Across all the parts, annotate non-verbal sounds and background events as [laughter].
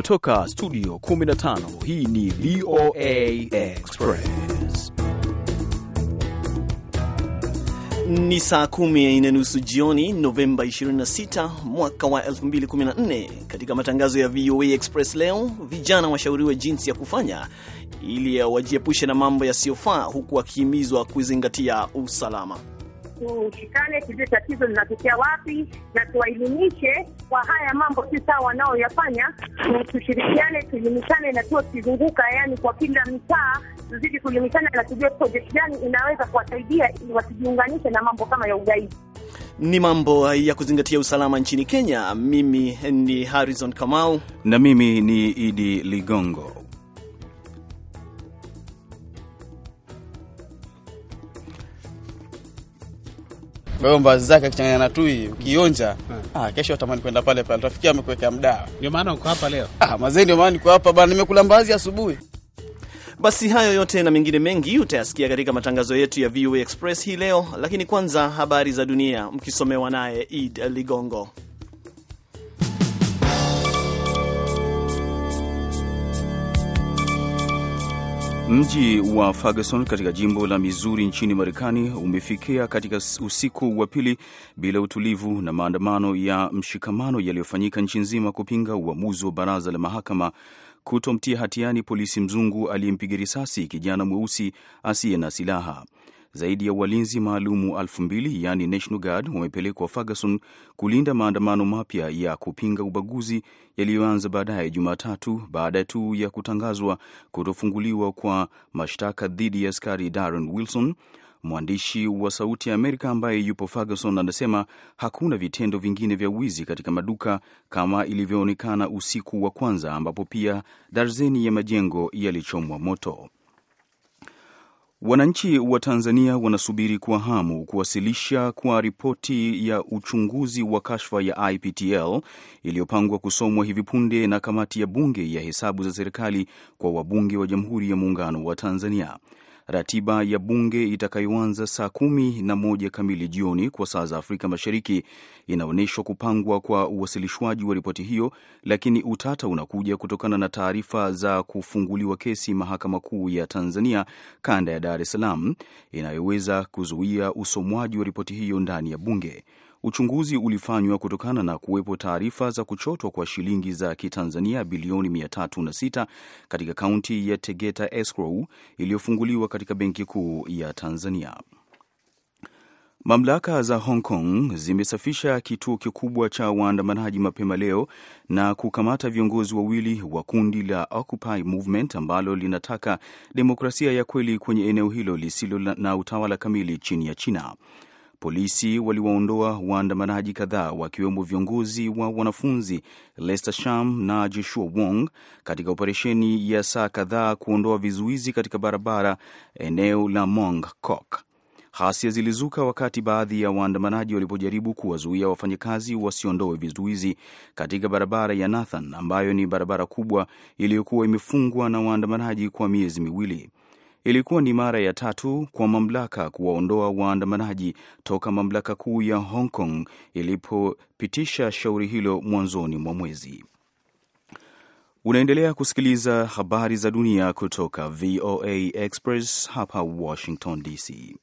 Kutoka studio 15 hii ni VOA Express. Ni saa kumi na nusu jioni, Novemba 26 mwaka wa 2014. Katika matangazo ya VOA Express leo, vijana washauriwe jinsi ya kufanya ili wajiepushe na mambo yasiyofaa, huku wakihimizwa kuzingatia usalama tushikane, tujue tatizo linatokea wapi na tuwaelimishe kwa haya mambo si sawa wanaoyafanya. Tushirikiane, tuelimishane na tuwe tukizunguka, yani kwa kila mtaa tuzidi kuelimishana na tujue projekti gani inaweza kuwasaidia ili wasijiunganishe na mambo kama ya ugaidi. Ni mambo ya kuzingatia usalama nchini Kenya. Mimi ni Harrison Kamau na mimi ni Idi Ligongo. Kwa hiyo mbazi zake akichanganya na tui ukionja, eh. ah, kesho utamani kwenda pale pale. Rafiki amekuwekea mdawa. Ndio maana uko hapa leo. Ah, mazee ndio maana niko hapa bana, nimekula mbazi asubuhi. Basi hayo yote na mengine mengi utayasikia katika matangazo yetu ya VOA Express hii leo, lakini kwanza habari za dunia mkisomewa naye ed Ligongo. Mji wa Ferguson katika jimbo la Mizuri nchini Marekani umefikia katika usiku wa pili bila utulivu na maandamano ya mshikamano yaliyofanyika nchi nzima kupinga uamuzi wa baraza la mahakama kutomtia hatiani polisi mzungu aliyempiga risasi kijana mweusi asiye na silaha. Zaidi ya walinzi maalumu elfu mbili yaani National Guard wamepelekwa Ferguson kulinda maandamano mapya ya kupinga ubaguzi yaliyoanza baadaye Jumatatu baada tu ya kutangazwa kutofunguliwa kwa mashtaka dhidi ya askari Darren Wilson. Mwandishi wa Sauti ya Amerika ambaye yupo Ferguson anasema hakuna vitendo vingine vya wizi katika maduka kama ilivyoonekana usiku wa kwanza, ambapo pia darzeni ya majengo yalichomwa moto. Wananchi wa Tanzania wanasubiri kwa hamu kuwasilisha kwa ripoti ya uchunguzi wa kashfa ya IPTL iliyopangwa kusomwa hivi punde na kamati ya bunge ya hesabu za serikali kwa wabunge wa Jamhuri ya Muungano wa Tanzania ratiba ya bunge itakayoanza saa kumi na moja kamili jioni kwa saa za Afrika Mashariki inaonyeshwa kupangwa kwa uwasilishwaji wa ripoti hiyo, lakini utata unakuja kutokana na taarifa za kufunguliwa kesi Mahakama Kuu ya Tanzania kanda ya Dar es Salaam inayoweza kuzuia usomwaji wa ripoti hiyo ndani ya bunge. Uchunguzi ulifanywa kutokana na kuwepo taarifa za kuchotwa kwa shilingi za Kitanzania bilioni 306 katika kaunti ya Tegeta escrow iliyofunguliwa katika Benki Kuu ya Tanzania. Mamlaka za Hong Kong zimesafisha kituo kikubwa cha waandamanaji mapema leo na kukamata viongozi wawili wa kundi la Occupy Movement ambalo linataka demokrasia ya kweli kwenye eneo hilo lisilo na utawala kamili chini ya China. Polisi waliwaondoa waandamanaji kadhaa wakiwemo viongozi wa wanafunzi Lester Sham na Joshua Wong katika operesheni ya saa kadhaa kuondoa vizuizi katika barabara eneo la Mong Kok. Ghasia zilizuka wakati baadhi ya waandamanaji walipojaribu kuwazuia wafanyakazi wasiondoe vizuizi katika barabara ya Nathan ambayo ni barabara kubwa iliyokuwa imefungwa na waandamanaji kwa miezi miwili. Ilikuwa ni mara ya tatu kwa mamlaka kuwaondoa waandamanaji toka mamlaka kuu ya Hong Kong ilipopitisha shauri hilo mwanzoni mwa mwezi. Unaendelea kusikiliza habari za dunia kutoka VOA Express hapa Washington DC.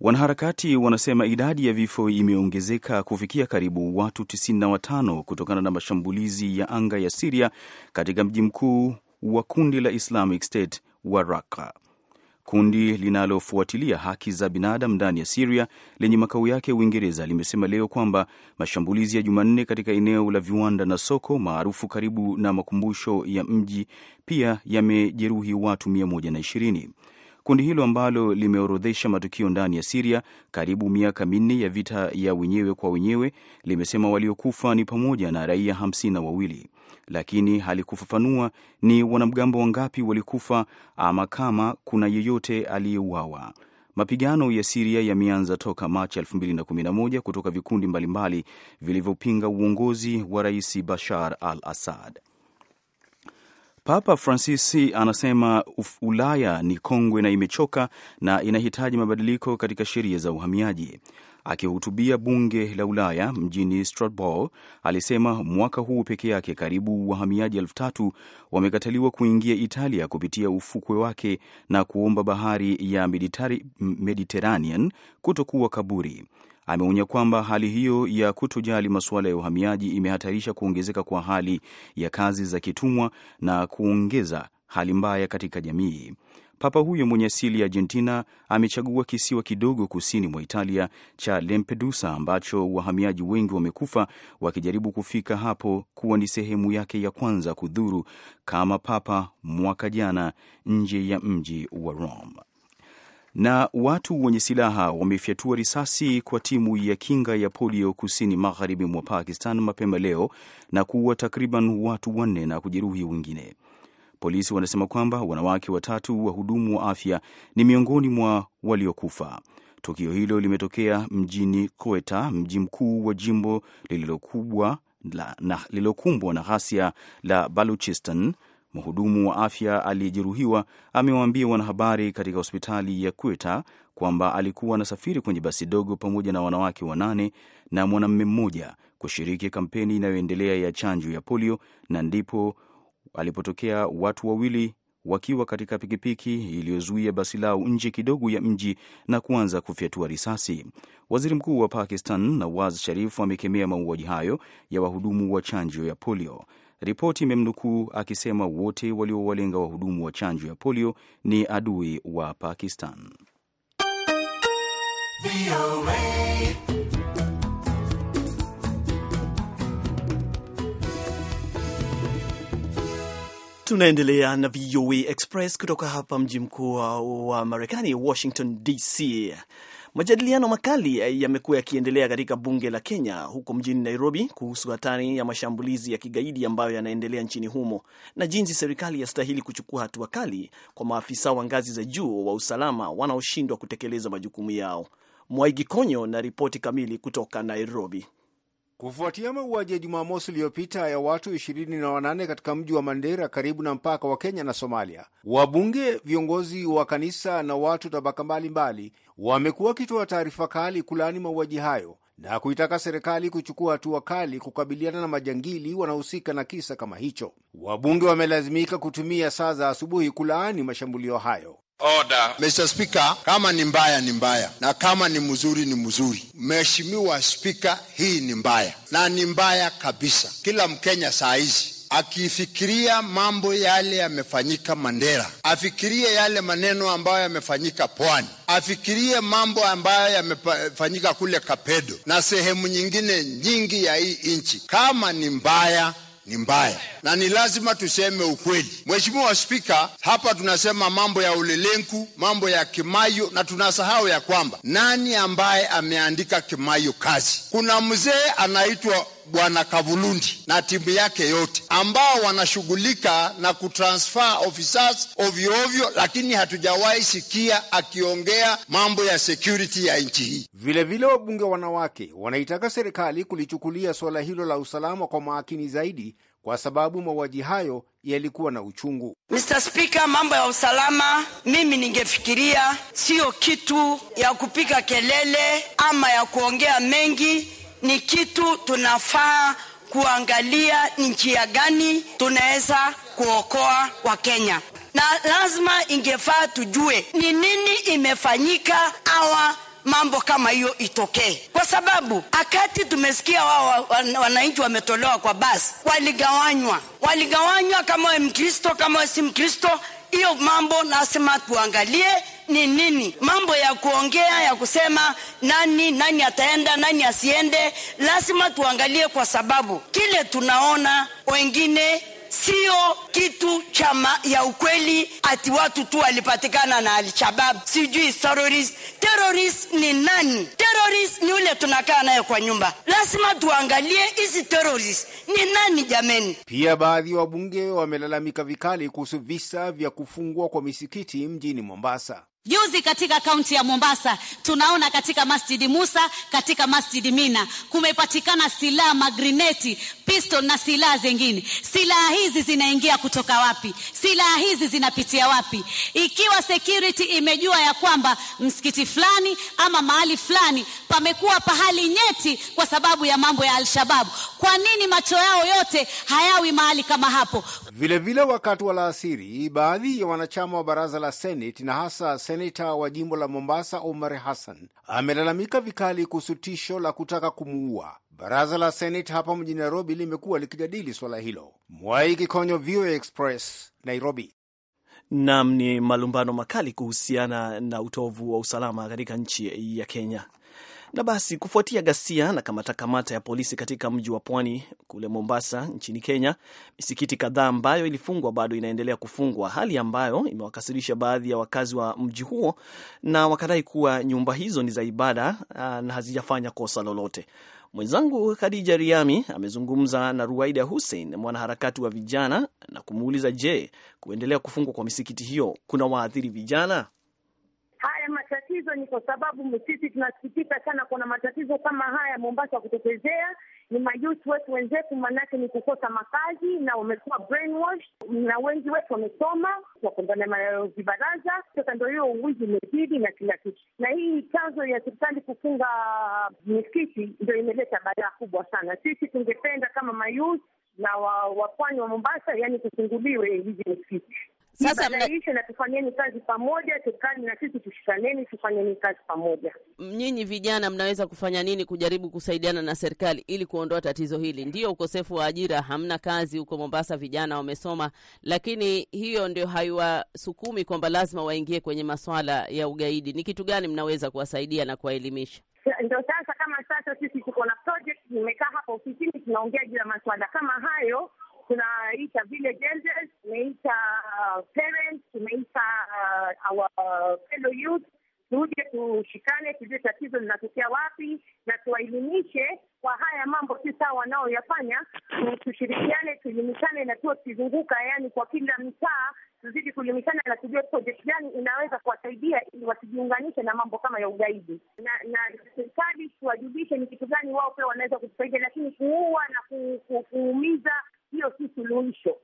Wanaharakati wanasema idadi ya vifo imeongezeka kufikia karibu watu 95 kutokana na mashambulizi ya anga ya Siria katika mji mkuu wa kundi la Islamic State wa Raqqa, kundi linalofuatilia haki za binadamu ndani ya Siria lenye makao yake Uingereza limesema leo kwamba mashambulizi ya Jumanne katika eneo la viwanda na soko maarufu karibu na makumbusho ya mji pia yamejeruhi watu 120. Kundi hilo ambalo limeorodhesha matukio ndani ya Siria karibu miaka minne ya vita ya wenyewe kwa wenyewe limesema waliokufa ni pamoja na raia hamsini na wawili lakini halikufafanua ni wanamgambo wangapi walikufa ama kama kuna yeyote aliyeuawa. Mapigano ya Siria yameanza toka Machi 2011 kutoka vikundi mbalimbali vilivyopinga uongozi wa Rais Bashar al Assad. Papa Francis anasema Ulaya ni kongwe na imechoka na inahitaji mabadiliko katika sheria za uhamiaji. Akihutubia bunge la Ulaya mjini Strasbourg, alisema mwaka huu peke yake karibu wahamiaji elfu tatu wamekataliwa kuingia Italia kupitia ufukwe wake na kuomba bahari ya Mediterranean kutokuwa kaburi. Ameonya kwamba hali hiyo ya kutojali masuala ya uhamiaji imehatarisha kuongezeka kwa hali ya kazi za kitumwa na kuongeza hali mbaya katika jamii. Papa huyo mwenye asili ya Argentina amechagua kisiwa kidogo kusini mwa Italia cha Lampedusa ambacho wahamiaji wengi wamekufa wakijaribu kufika hapo kuwa ni sehemu yake ya kwanza kudhuru kama papa mwaka jana nje ya mji wa Rome. Na watu wenye silaha wamefyatua risasi kwa timu ya kinga ya polio kusini magharibi mwa Pakistan mapema leo na kuua takriban watu wanne na kujeruhi wengine. Polisi wanasema kwamba wanawake watatu wahudumu wa afya ni miongoni mwa waliokufa. Tukio hilo limetokea mjini Quetta, mji mkuu wa jimbo lililokumbwa na, na ghasia la Baluchistan. Mhudumu wa afya aliyejeruhiwa amewaambia wanahabari katika hospitali ya Quetta kwamba alikuwa anasafiri kwenye basi dogo pamoja na wanawake wanane na mwanamume mmoja kushiriki kampeni inayoendelea ya chanjo ya polio, na ndipo alipotokea watu wawili wakiwa katika pikipiki iliyozuia basi lao nje kidogo ya mji na kuanza kufyatua risasi. Waziri Mkuu wa Pakistan Nawaz Sharif amekemea mauaji hayo ya wahudumu wa chanjo ya polio. Ripoti imemnukuu akisema wote waliowalenga wahudumu wa chanjo ya polio ni adui wa Pakistan. Tunaendelea na VOA Express kutoka hapa mji mkuu wa Marekani, Washington DC. Majadiliano makali yamekuwa yakiendelea katika bunge la Kenya huko mjini Nairobi kuhusu hatari ya mashambulizi ya kigaidi ambayo yanaendelea nchini humo na jinsi serikali yastahili kuchukua hatua kali kwa maafisa wa ngazi za juu wa usalama wanaoshindwa kutekeleza majukumu yao. Mwaigi Konyo na ripoti kamili kutoka Nairobi kufuatia mauaji ya Jumamosi iliyopita ya watu 28 katika mji wa Mandera karibu na mpaka wa Kenya na Somalia. Wabunge, viongozi wa kanisa na watu tabaka mbalimbali wamekuwa wakitoa taarifa kali kulaani mauaji hayo na kuitaka serikali kuchukua hatua kali kukabiliana na majangili wanaohusika na kisa kama hicho. Wabunge wamelazimika kutumia saa za asubuhi kulaani mashambulio hayo. Order. Mr. Speaker, kama ni mbaya ni mbaya na kama ni mzuri ni mzuri. Mheshimiwa Spika, hii ni mbaya na ni mbaya kabisa. Kila Mkenya saa hizi akifikiria mambo yale yamefanyika Mandera, afikirie yale maneno ambayo yamefanyika Pwani, afikirie mambo ambayo yamefanyika kule Kapedo na sehemu nyingine nyingi ya hii nchi. Kama ni mbaya ni mbaya na ni lazima tuseme ukweli. Mheshimiwa Spika, hapa tunasema mambo ya ulelenku, mambo ya Kimayo na tunasahau ya kwamba nani ambaye ameandika Kimayo kazi? Kuna mzee anaitwa Bwana Kavulundi na timu yake yote ambao wanashughulika na kutransfer officers ovyo ovyo, lakini hatujawahi sikia akiongea mambo ya security ya nchi hii. Vilevile wabunge wanawake wanaitaka serikali kulichukulia suala hilo la usalama kwa makini zaidi kwa sababu mauaji hayo yalikuwa na uchungu. Mr. Speaker, mambo ya usalama mimi ningefikiria siyo kitu ya kupika kelele ama ya kuongea mengi ni kitu tunafaa kuangalia ni njia gani tunaweza kuokoa Wakenya, na lazima ingefaa tujue ni nini imefanyika hawa mambo kama hiyo itokee, kwa sababu akati tumesikia wao wananchi wametolewa kwa basi, waligawanywa waligawanywa, kama we Mkristo, kama we si Mkristo hiyo mambo nasema tuangalie ni nini, mambo ya kuongea ya kusema nani nani ataenda nani asiende, lazima tuangalie, kwa sababu kile tunaona wengine sio kitu cha ya ukweli, ati watu tu walipatikana na Alshabab sijui terrorist. Terrorist ni nani? Terrorist ni ule tunakaa naye kwa nyumba. Lazima tuangalie hizi terrorist ni nani jameni. Pia baadhi ya wa wabunge wamelalamika vikali kuhusu visa vya kufungwa kwa misikiti mjini Mombasa. Juzi katika kaunti ya Mombasa tunaona katika Masjidi Musa, katika Masjidi Mina kumepatikana silaha, magrineti, pistol na silaha zingine. Silaha hizi zinaingia kutoka wapi? Silaha hizi zinapitia wapi? Ikiwa security imejua ya kwamba msikiti fulani ama mahali fulani pamekuwa pahali nyeti kwa sababu ya mambo ya al kwa nini macho yao yote hayawi mahali kama hapo? Vilevile, wakati wa laasiri, baadhi ya wanachama wa baraza la Seneti na hasa Senate seneta wa jimbo la Mombasa Omar Hassan amelalamika vikali kuhusu tisho la kutaka kumuua. Baraza la Seneti hapa mjini Nairobi limekuwa likijadili swala hilo. Mwai Kikonyo, VOA Express, Nairobi. Nam, ni malumbano makali kuhusiana na utovu wa usalama katika nchi ya Kenya. Na basi kufuatia ghasia na kamata kamata ya polisi katika mji wa pwani kule Mombasa nchini Kenya, misikiti kadhaa ambayo ilifungwa bado inaendelea kufungwa, hali ambayo imewakasirisha baadhi ya wakazi wa mji huo, na wakadai kuwa nyumba hizo ni za ibada ah, na hazijafanya kosa lolote. Mwenzangu Khadija Riami amezungumza na Ruwaida Hussein, mwanaharakati wa vijana, na kumuuliza je, kuendelea kufungwa kwa misikiti hiyo kuna waathiri vijana? Haya matatizo ni kwa sababu sisi tunasikitika sana, kuna matatizo kama haya Mombasa kutokezea ni mayouth wetu wenzetu, maanake ni kukosa makazi na wamekuwa na wengi wetu wamesoma wakondana ndani Sasa ndo hiyo uwizi umezidi na kila kitu, na hii chanzo ya serikali kufunga misikiti ndo imeleta balaa kubwa sana. Sisi tungependa kama mayouth na wapwani wa Mombasa, yani kufunguliwe hizi misikiti sasa mna... na tufanyeni kazi pamoja, tukani na sisi tushikaneni, tufanyeni kazi pamoja. Nyinyi vijana mnaweza kufanya nini kujaribu kusaidiana na serikali ili kuondoa tatizo hili? Ndiyo ukosefu wa ajira, hamna kazi huko Mombasa, vijana wamesoma, lakini hiyo ndio haiwasukumi kwamba lazima waingie kwenye masuala ya ugaidi. Ni kitu gani mnaweza kuwasaidia na kuwaelimisha? Ndio sasa kama sasa sisi tuko na project, nimekaa hapa ofisini tunaongea juu ya masuala kama hayo tunaita tumeita uh, parents, tumeita uh, our fellow youth tuje tushikane, tujue tatizo linatokea wapi na tuwaelimishe kwa haya mambo si sawa wanaoyafanya. Tushirikiane, tuelimishane na tuwe tukizunguka, yani kwa kila mtaa tuzidi kuelimishana na tujue projekti gani inaweza kuwasaidia ili wasijiunganishe na mambo kama ya ugaidi, na na serikali tuwajulishe ni kitu gani wao pia wanaweza kutusaidia, lakini kuua na kuumiza hiyo si suluhisho.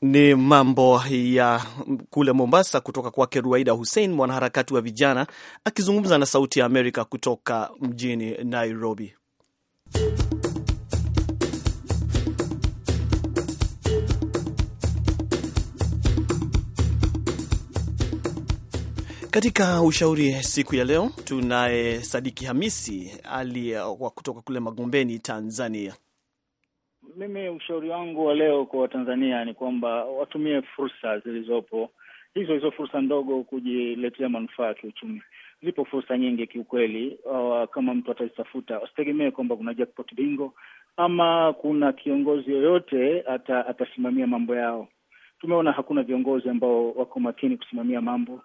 Ni mambo ya kule Mombasa kutoka kwake Ruaida Hussein, mwanaharakati wa vijana akizungumza na Sauti ya Amerika kutoka mjini Nairobi. Katika ushauri siku ya leo tunaye Sadiki Hamisi ali wa kutoka kule Magombeni, Tanzania. Mimi ushauri wangu wa leo kwa Watanzania ni kwamba watumie fursa zilizopo hizo hizo fursa ndogo kujiletea manufaa ya kiuchumi. Zipo fursa nyingi kiukweli, uh, kama mtu atazitafuta, wasitegemee kwamba kuna jackpot bingo ama kuna kiongozi yoyote atasimamia mambo yao. Tumeona hakuna viongozi ambao wako makini kusimamia mambo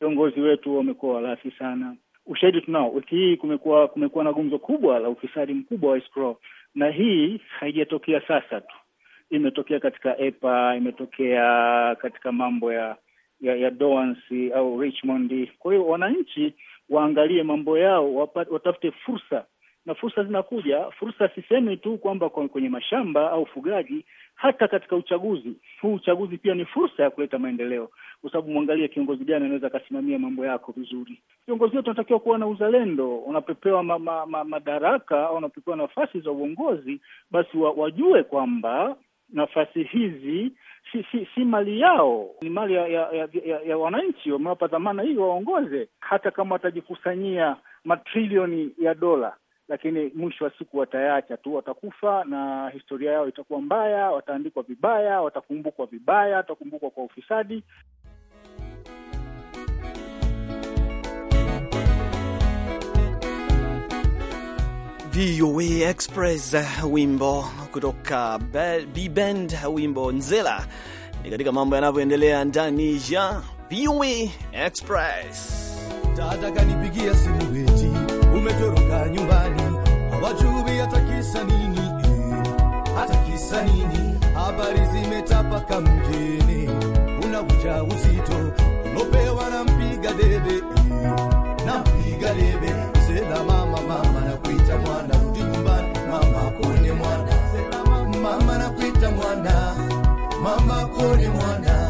viongozi wetu wamekuwa walafi sana. Ushahidi tunao, wiki hii kumekuwa kumekuwa na gumzo kubwa la ufisadi mkubwa wa escrow, na hii haijatokea sasa tu, imetokea katika EPA, imetokea katika mambo ya ya, ya Doansi au Richmond. Kwa hiyo wananchi waangalie mambo yao, watafute fursa na fursa zinakuja. Fursa sisemi tu kwamba kwenye mashamba au ufugaji, hata katika uchaguzi huu. Uchaguzi pia ni fursa ya kuleta maendeleo, kwa sababu mwangalie kiongozi gani anaweza akasimamia mambo yako vizuri. Viongozi wetu wanatakiwa kuwa na uzalendo. Unapopewa ma, ma, ma, madaraka au unapopewa nafasi za uongozi, basi wa, wajue kwamba nafasi hizi si, si, si mali yao, ni mali ya, ya, ya, ya wananchi. Wamewapa dhamana hii waongoze, hata kama watajikusanyia matrilioni ya dola lakini mwisho wa siku watayacha tu, watakufa na historia yao itakuwa mbaya, wataandikwa vibaya, watakumbukwa vibaya, watakumbukwa kwa ufisadi. VOA Express, wimbo kutoka B-Band, wimbo Nzela, ni katika mambo yanavyoendelea ndani ya VOA Express. Dada kanipigia simu umetoroka nyumbani, hawajui hata kisa nini, hata kisa nini. Habari zimetapaka mjini, una ujauzito ulopewa na mpiga debe, na mpiga debe. Sela mama, mama na kuita mwana, rudi nyumbani mama, kuone mwana, mama na kuita mwana, mama kuone mwana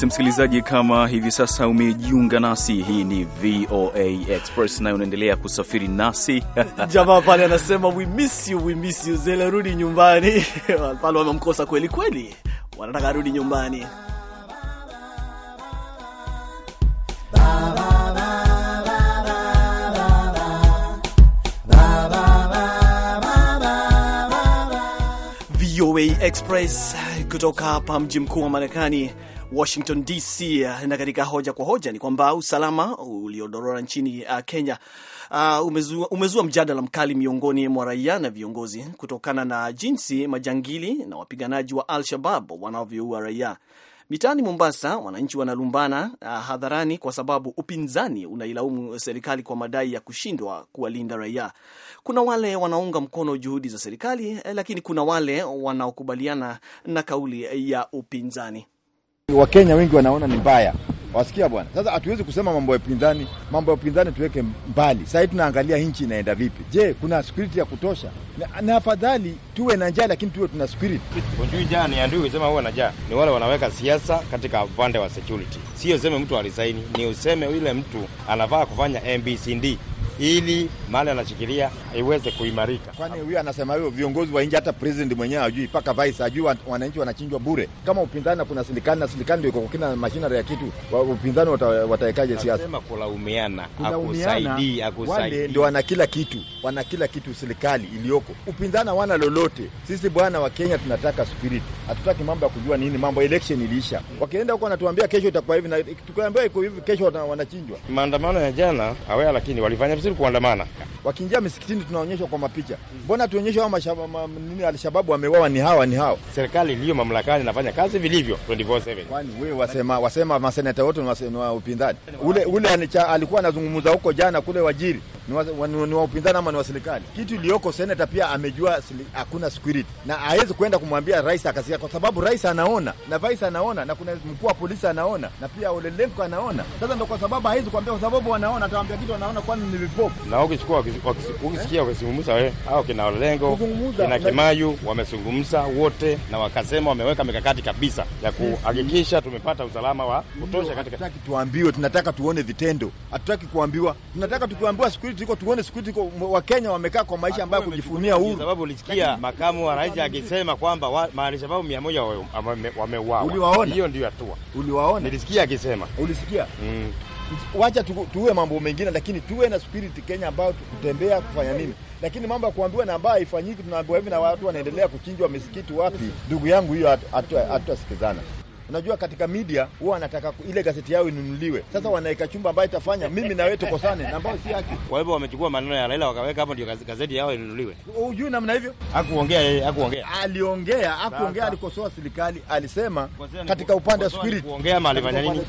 basi msikilizaji, kama hivi sasa umejiunga nasi, hii ni VOA Express nayo unaendelea kusafiri nasi. [laughs] Jamaa pale anasema we miss you, we miss you zele, rudi nyumbani [laughs] pale wamemkosa kweli kweli, wanataka rudi nyumbani. VOA Express kutoka hapa mji mkuu wa Marekani Washington DC. Na katika hoja kwa hoja ni kwamba usalama uliodorora nchini uh, Kenya uh, umezua, umezua mjadala mkali miongoni mwa raia na viongozi kutokana na jinsi majangili na wapiganaji wa Al-Shabab wanavyoua raia mitaani Mombasa. Wananchi wanalumbana uh, hadharani kwa sababu upinzani unailaumu serikali kwa madai ya kushindwa kuwalinda raia. Kuna wale wanaunga mkono juhudi za serikali, eh, lakini kuna wale wanaokubaliana na kauli ya upinzani. Wakenya wengi wanaona ni mbaya, wasikia bwana. Sasa hatuwezi kusema mambo ya upinzani, mambo ya upinzani tuweke mbali. Sahii tunaangalia nchi inaenda vipi. Je, kuna spiriti ya kutosha? Na, afadhali tuwe na njaa, lakini tuwe tuna spiriti. Unjui njaa ni andui kusema huwe na njaa, ni wale wanaweka siasa katika upande wa security. Sio seme mtu alisaini, ni useme yule mtu anavaa kufanya MBCD ili mali anashikilia iweze kuimarika. Kwani huyu anasema hiyo viongozi wa nje, hata president mwenyewe hajui, mpaka vice hajui, wananchi wanachinjwa bure. Kama upinzani na kuna silikani na silikani ndio iko kina mashinari ya kitu, upinzani watawekaje siasa? Anasema kulaumiana, akusaidii, akusaidii. Ndio wana kila kitu, wana kila kitu, serikali iliyoko, upinzani hawana lolote. Sisi bwana wa Kenya tunataka spirit, hatutaki mambo ya kujua nini mambo. Election iliisha, wakienda huko wanatuambia kesho itakuwa hivi, na tukiambiwa iko hivi, kesho wanachinjwa. Maandamano ya jana hawaya, lakini walifanya vizuri ujasiri kuandamana. Wakiingia misikitini tunaonyeshwa kwa mapicha, mbona tuonyeshwe hao ma, nini Alshababu wamewawa ni hawa ni hawa. Serikali iliyo mamlakani inafanya kazi vilivyo 24/7. Kwani wewe wasema wasema maseneta wote ni wa upinzani. Ule ule alikuwa anazungumza huko jana kule Wajiri ni wa upinzani ama ni wa serikali. Kitu iliyoko seneta pia amejua hakuna security, na hawezi kwenda kumwambia rais akasikia, kwa sababu rais anaona na vice anaona na kuna mkuu wa polisi anaona na pia Olelenko anaona. Sasa ndio kwa sababu hawezi kuambia, kwa sababu wanaona, atawaambia kitu anaona, kwani ni vipofu. Na ukichukua ukisikia wakizungumza wewe au kina Olelenko kina Kimayu wamezungumza wote na wakasema wameweka mikakati kabisa ya kuhakikisha tumepata usalama wa kutosha katika. Tunataka tuambiwe, tunataka tuone vitendo, hatutaki kuambiwa, tunataka tukiambiwa security ziko, tuone siku hizi Wakenya wamekaa kwa maisha ambayo kujifunia uhuru, sababu ulisikia makamu wa rais akisema kwamba maalishababu mia moja wameuawa. Uliwaona? Hiyo ndio hatua. Uliwaona? Nilisikia akisema. Ulisikia? Mm. Wacha tu, tuwe mambo mengine, lakini tuwe na spirit Kenya ambayo tukutembea kufanya nini, lakini mambo ya kuambiwa na ambayo haifanyiki, tunaambiwa hivi na watu wanaendelea kuchinjwa misikiti wapi? Ndugu yangu, hiyo hatuasikizana. Unajua, katika media huwa anataka ile gazeti yao inunuliwe. Sasa wanaweka chumba ambayo itafanya mimi na wewe tukosane, na ambayo si haki. Kwa hivyo wamechukua maneno ya Raila wakaweka hapo, ndio gazeti yao inunuliwe. Hujui namna hivyo. Hakuongea yeye, hakuongea, aliongea, hakuongea, alikosoa serikali, alisema katika upande wa security kuongea mali nini,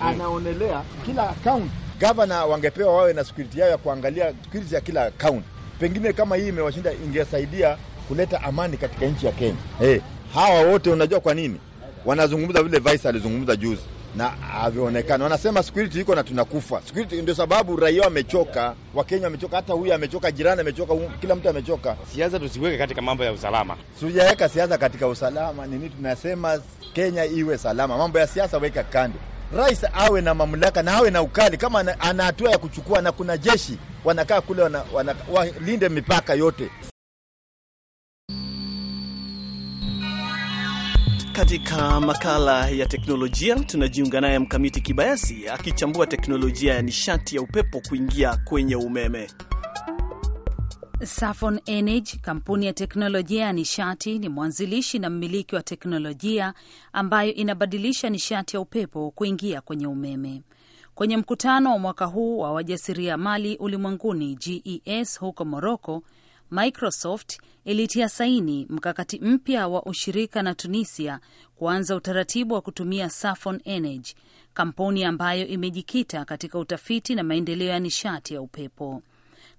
anaonelea kila account gavana wangepewa wawe na security yao ya kuangalia security ya kila account. Pengine kama hii imewashinda, ingesaidia kuleta amani katika nchi ya Kenya. Hey, eh, hawa wote unajua kwa nini wanazungumza vile Vice alizungumza juzi na avionekana Wanasema security iko na tunakufa security. Ndio sababu raia wamechoka, Wakenya wamechoka, hata huyu amechoka, jirani amechoka, kila mtu amechoka. Siasa tusiweke katika mambo ya usalama, Sijaweka siasa katika usalama nini. Tunasema Kenya iwe salama, mambo ya siasa weka kando. Rais awe na mamlaka na awe na ukali, kama ana hatua ya kuchukua, na kuna jeshi wanakaa kule wana, wana, walinde mipaka yote. Katika makala ya teknolojia tunajiunga naye Mkamiti Kibayasi akichambua teknolojia ya nishati ya upepo kuingia kwenye umeme. Safon Energy, kampuni ya teknolojia ya nishati, ni mwanzilishi na mmiliki wa teknolojia ambayo inabadilisha nishati ya upepo kuingia kwenye umeme. Kwenye mkutano wa mwaka huu wa wajasiriamali ulimwenguni GES huko Moroko, Microsoft ilitia saini mkakati mpya wa ushirika na Tunisia kuanza utaratibu wa kutumia Safon Energy, kampuni ambayo imejikita katika utafiti na maendeleo ya nishati ya upepo.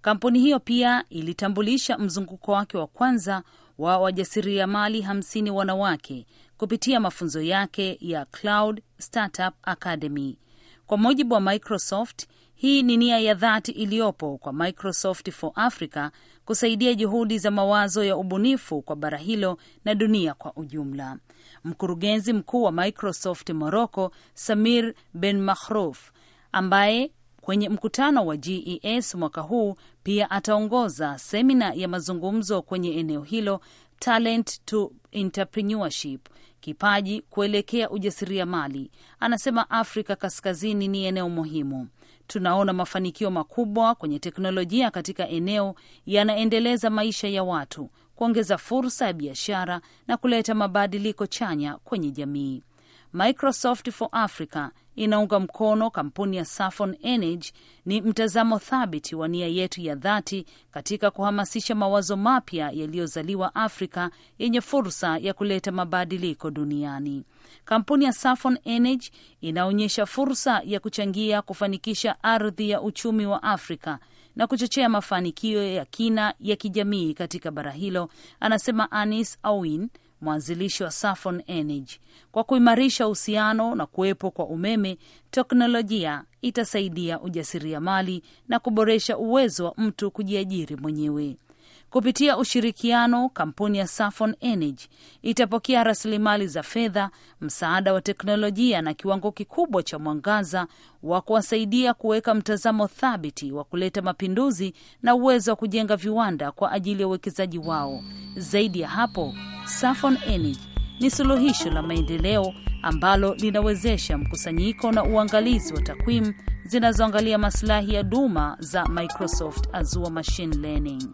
Kampuni hiyo pia ilitambulisha mzunguko wake wa kwanza wa wajasiriamali hamsini wanawake kupitia mafunzo yake ya Cloud Startup Academy. Kwa mujibu wa Microsoft, hii ni nia ya dhati iliyopo kwa Microsoft for Africa kusaidia juhudi za mawazo ya ubunifu kwa bara hilo na dunia kwa ujumla. Mkurugenzi mkuu wa Microsoft Morocco, Samir Ben Mahrouf, ambaye kwenye mkutano wa GES mwaka huu pia ataongoza semina ya mazungumzo kwenye eneo hilo, Talent to Entrepreneurship, kipaji kuelekea ujasiriamali, anasema Afrika Kaskazini ni eneo muhimu tunaona mafanikio makubwa kwenye teknolojia katika eneo, yanaendeleza maisha ya watu, kuongeza fursa ya biashara na kuleta mabadiliko chanya kwenye jamii. Microsoft for Africa inaunga mkono kampuni ya Safon Energy. Ni mtazamo thabiti wa nia yetu ya dhati katika kuhamasisha mawazo mapya yaliyozaliwa Afrika yenye fursa ya kuleta mabadiliko duniani. Kampuni ya Safon Energy inaonyesha fursa ya kuchangia kufanikisha ardhi ya uchumi wa Afrika na kuchochea mafanikio ya kina ya kijamii katika bara hilo, anasema Anis Awin, mwanzilishi wa Safon Energy. Kwa kuimarisha uhusiano na kuwepo kwa umeme, teknolojia itasaidia ujasiriamali na kuboresha uwezo wa mtu kujiajiri mwenyewe. Kupitia ushirikiano, kampuni ya Safon Energy itapokea rasilimali za fedha, msaada wa teknolojia na kiwango kikubwa cha mwangaza wa kuwasaidia kuweka mtazamo thabiti wa kuleta mapinduzi na uwezo wa kujenga viwanda kwa ajili ya uwekezaji wao. Zaidi ya hapo, Safon Energy ni suluhisho la maendeleo ambalo linawezesha mkusanyiko na uangalizi wa takwimu zinazoangalia masilahi ya duma za Microsoft Azure Machine Learning.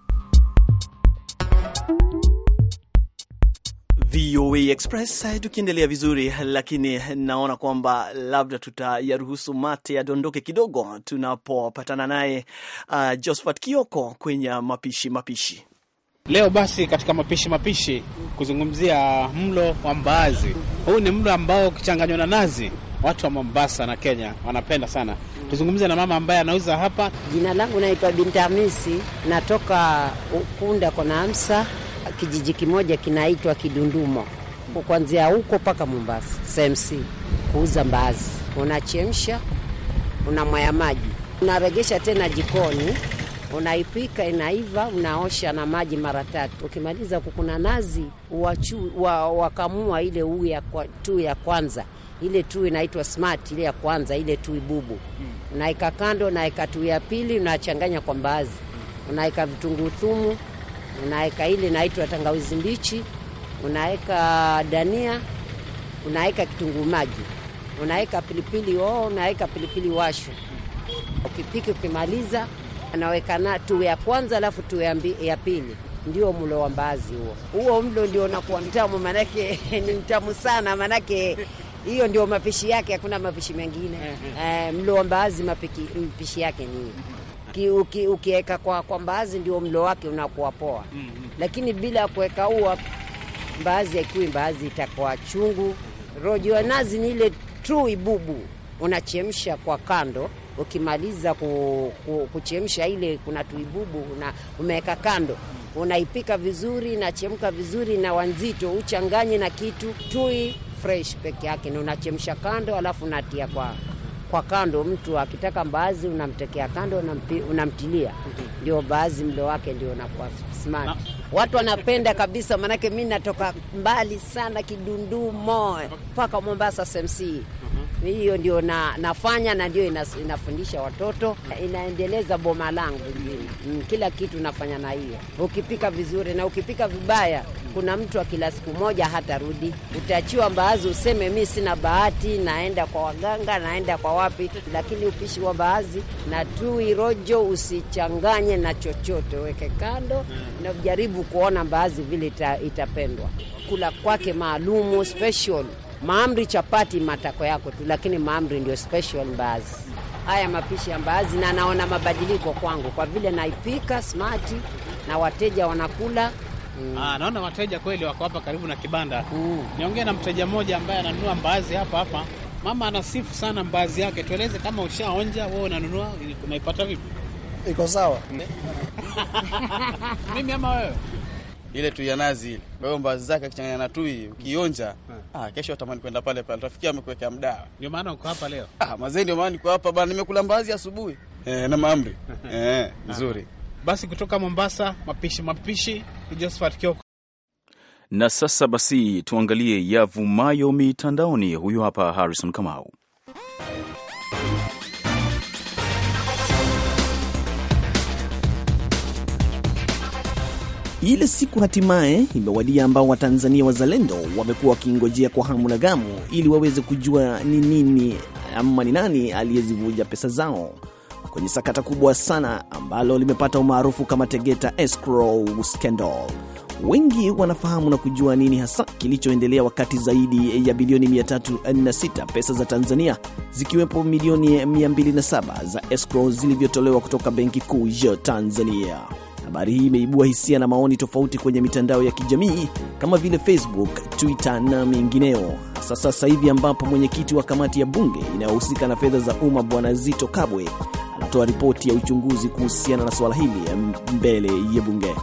VOA Express eh, tukiendelea vizuri, lakini naona kwamba labda tutayaruhusu mate yadondoke kidogo tunapopatana naye uh, Josephat Kioko kwenye mapishi mapishi. Leo basi katika mapishi mapishi kuzungumzia mlo wa mbaazi. Huu ni mlo ambao ukichanganywa na nazi Watu wa Mombasa na Kenya wanapenda sana. Tuzungumze na mama ambaye anauza hapa. Jina langu naitwa bintamisi Hamisi, natoka Ukunda kwa Amsa, kijiji kimoja kinaitwa Kidundumo, kuanzia huko mpaka Mombasa. CMC kuuza mbaazi, unachemsha, unamwaya maji, unaregesha tena jikoni unaipika inaiva, unaosha na maji mara tatu. Ukimaliza kukuna nazi wachu, wa, wakamua ile kwa, tu ya kwanza ile tu inaitwa smart, ile ya kwanza, ile tu bubu mm. Unaeka kando, unaeka tu ya pili, unachanganya kwa mbaazi, unaeka vitunguu thumu, unaeka ile inaitwa tangawizi mbichi, unaweka dania, unaweka kitunguu maji, unaweka pilipili hoho, unaweka pilipili washu. Ukipiki ukimaliza, na tu ya kwanza, alafu tu ya pili ndio mlo wa mbaazi huo. Huo mlo ndio unakuwa mtamu, manake [laughs] ni mtamu sana, manake hiyo ndio mapishi yake, hakuna mapishi mengine. Mm-hmm. eh, mlo wa mbaazi mpishi yake ni uki, ukiweka kwa, kwa mbaazi ndio mlo wake unakuwa poa, mm-hmm. lakini bila kuweka ua mbaazi akiwi mbaazi itakuwa chungu. Rojo ya nazi ni ile tu ibubu, unachemsha kwa kando Ukimaliza ku, ku, kuchemsha ile kuna tuibubu na umeweka kando, unaipika vizuri, inachemka vizuri na wanzito, uchanganye na kitu tui fresh peke yake, na unachemsha kando, alafu unatia kwa kwa kando. Mtu akitaka mbaazi unamtekea kando, unamtilia ndio baazi mlo wake ndio unakuwa smart. Watu wanapenda kabisa, maanake mi natoka mbali sana, Kidundumo mpaka Mombasa SMC hiyo ndio na, nafanya na ndio inafundisha watoto, inaendeleza boma langu mimi. Kila kitu nafanya na hiyo, ukipika vizuri na ukipika vibaya, kuna mtu akila siku moja hatarudi, utachiwa mbaazi, useme mi sina bahati, naenda kwa waganga, naenda kwa wapi. Lakini upishi wa mbaazi na tui rojo usichanganye na chochote, weke kando na ujaribu kuona mbaazi vile ita, itapendwa kula kwake maalumu special Maamri chapati matako yako tu, lakini maamri ndio special mbaazi. Haya mapishi ya mbaazi, na naona mabadiliko kwangu kwa vile naipika smart na wateja wanakula Mm. Ah, naona wateja kweli wako hapa karibu na kibanda. Mm. Niongee na mteja mmoja ambaye ananunua mbaazi hapa hapa. Mama anasifu sana mbaazi yake. Tueleze kama ushaonja wewe unanunua unaipata vipi? Iko sawa. [laughs] Mimi ama wewe? ile tu ya nazi ile, kwa hiyo mbazi zake akichanganya na tui, ukionja ah, kesho atamani kwenda pale pale. Rafiki amekuwekea mdawa, ndio maana uko hapa leo. Ah, mazee, ndio maana niko hapa bana, nimekula mbazi asubuhi eh, na maamri [laughs] eh, ah. nzuri. Basi kutoka Mombasa, mapishi mapishi, Josephat Kioko. Na sasa basi tuangalie yavumayo mitandaoni. Huyu hapa Harrison Kamau. Ile siku hatimaye imewadia ambao Watanzania wazalendo wamekuwa wakiingojea kwa hamu na gamu ili waweze kujua ni nini ama ni nani aliyezivuja pesa zao kwenye sakata kubwa sana ambalo limepata umaarufu kama Tegeta Escrow Scandal. Wengi wanafahamu na kujua nini hasa kilichoendelea wakati zaidi ya bilioni 306 pesa za Tanzania zikiwepo milioni 207 za escrow zilivyotolewa kutoka Benki Kuu ya Tanzania. Habari hii imeibua hisia na maoni tofauti kwenye mitandao ya kijamii kama vile Facebook, Twitter na mengineo, hasa sasa hivi ambapo mwenyekiti wa kamati ya bunge inayohusika na fedha za umma Bwana Zito Kabwe anatoa ripoti ya uchunguzi kuhusiana na suala hili eh, mbele ya bunge.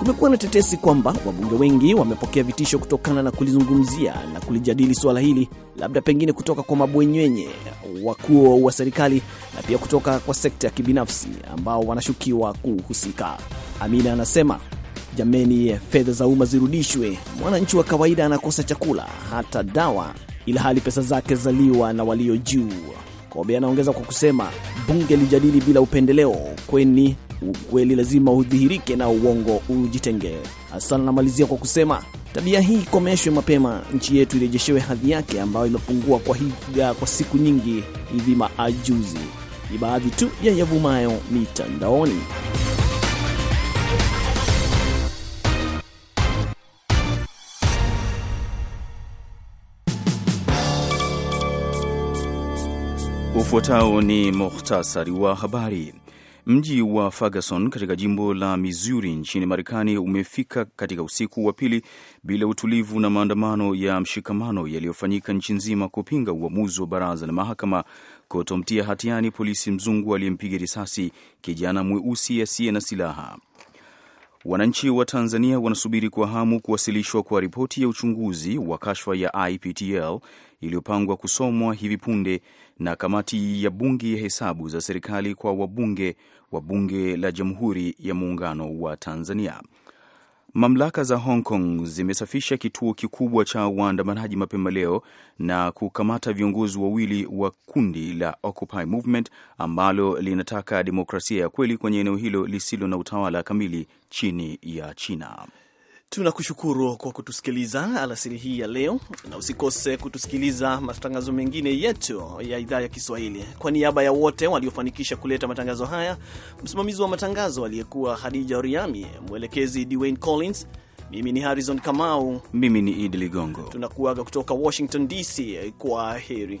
Kumekuwa na tetesi kwamba wabunge wengi wamepokea vitisho kutokana na kulizungumzia na kulijadili suala hili, labda pengine kutoka kwa mabwenywenye wakuu wa serikali na pia kutoka kwa sekta ya kibinafsi ambao wanashukiwa kuhusika. Amina anasema jameni, fedha za umma zirudishwe. Mwananchi wa kawaida anakosa chakula, hata dawa, ila hali pesa zake zaliwa na walio juu. Kobe anaongeza kwa kusema bunge lijadili bila upendeleo, kweni ukweli lazima udhihirike na uongo ujitengee. hasan anamalizia kwa kusema tabia hii ikomeshwe mapema, nchi yetu irejeshewe hadhi yake ambayo imepungua kwa higa kwa siku nyingi hivi maajuzi. Ni baadhi tu ya yavumayo mitandaoni. Ufuatao ni muhtasari wa habari. Mji wa Ferguson katika jimbo la Missouri nchini Marekani umefika katika usiku wa pili bila utulivu na maandamano ya mshikamano yaliyofanyika nchi nzima kupinga uamuzi wa baraza la mahakama kutomtia hatiani polisi mzungu aliyempiga risasi kijana mweusi asiye na silaha. Wananchi wa Tanzania wanasubiri kwa hamu kuwasilishwa kwa ripoti ya uchunguzi wa kashfa ya IPTL iliyopangwa kusomwa hivi punde na kamati ya bunge ya hesabu za serikali kwa wabunge wa bunge la Jamhuri ya Muungano wa Tanzania. Mamlaka za Hong Kong zimesafisha kituo kikubwa cha waandamanaji mapema leo na kukamata viongozi wawili wa kundi la Occupy Movement ambalo linataka demokrasia ya kweli kwenye eneo hilo lisilo na utawala kamili chini ya China. Tunakushukuru kwa kutusikiliza alasiri hii ya leo, na usikose kutusikiliza matangazo mengine yetu ya idhaa ya Kiswahili. Kwa niaba ya wote waliofanikisha kuleta matangazo haya, msimamizi wa matangazo aliyekuwa Hadija Riami, mwelekezi Dwayne Collins, mimi ni Harrison Kamau, mimi ni Idi Ligongo, tunakuaga kutoka Washington DC. Kwa heri.